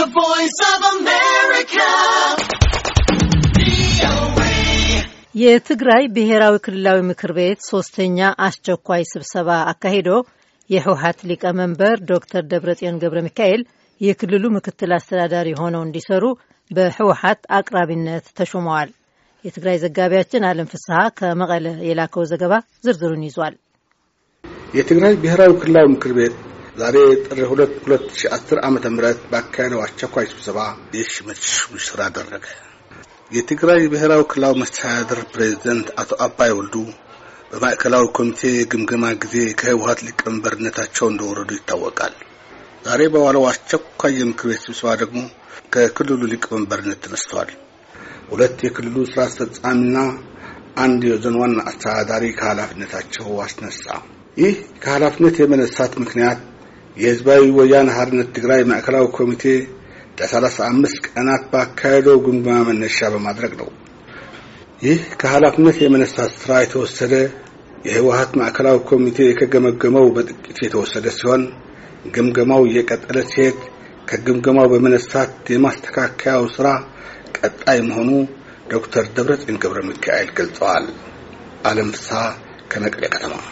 The Voice of America. የትግራይ ብሔራዊ ክልላዊ ምክር ቤት ሶስተኛ አስቸኳይ ስብሰባ አካሂዶ የህወሀት ሊቀመንበር ዶክተር ደብረጽዮን ገብረ ሚካኤል የክልሉ ምክትል አስተዳዳሪ ሆነው እንዲሰሩ በህወሀት አቅራቢነት ተሹመዋል። የትግራይ ዘጋቢያችን አለም ፍስሐ ከመቀለ የላከው ዘገባ ዝርዝሩን ይዟል። የትግራይ ብሔራዊ ክልላዊ ምክር ቤት ዛሬ ጥር 2 2010 ዓ.ም ባካሄደው አስቸኳይ ስብሰባ የሽመት ሙሽራ አደረገ። የትግራይ ብሔራዊ ክልላዊ መስተዳድር ፕሬዝዳንት አቶ አባይ ወልዱ በማዕከላዊ ኮሚቴ ግምገማ ጊዜ ከህወሀት ሊቀመንበርነታቸው እንደወረዱ ይታወቃል። ዛሬ በዋለው አስቸኳይ የምክር ቤት ስብሰባ ደግሞ ከክልሉ ሊቀመንበርነት ተነስተዋል። ሁለት የክልሉ ስራ አስፈጻሚና አንድ የዞን ዋና አስተዳዳሪ ከኃላፊነታቸው አስነሳ። ይህ ከኃላፊነት የመነሳት ምክንያት የህዝባዊ ወያነ ሓርነት ትግራይ ማዕከላዊ ኮሚቴ ለሰላሳ አምስት ቀናት ባካሄደው ግምገማ መነሻ በማድረግ ነው። ይህ ከኃላፊነት የመነሳት ስራ የተወሰደ የህወሀት ማዕከላዊ ኮሚቴ ከገመገመው በጥቂት የተወሰደ ሲሆን ግምገማው እየቀጠለ ሲሄድ ከግምገማው በመነሳት የማስተካከያው ስራ ቀጣይ መሆኑ ዶክተር ደብረጽዮን ገብረ ሚካኤል ገልጸዋል። አለም ፍስሐ ከመቀሌ ከተማ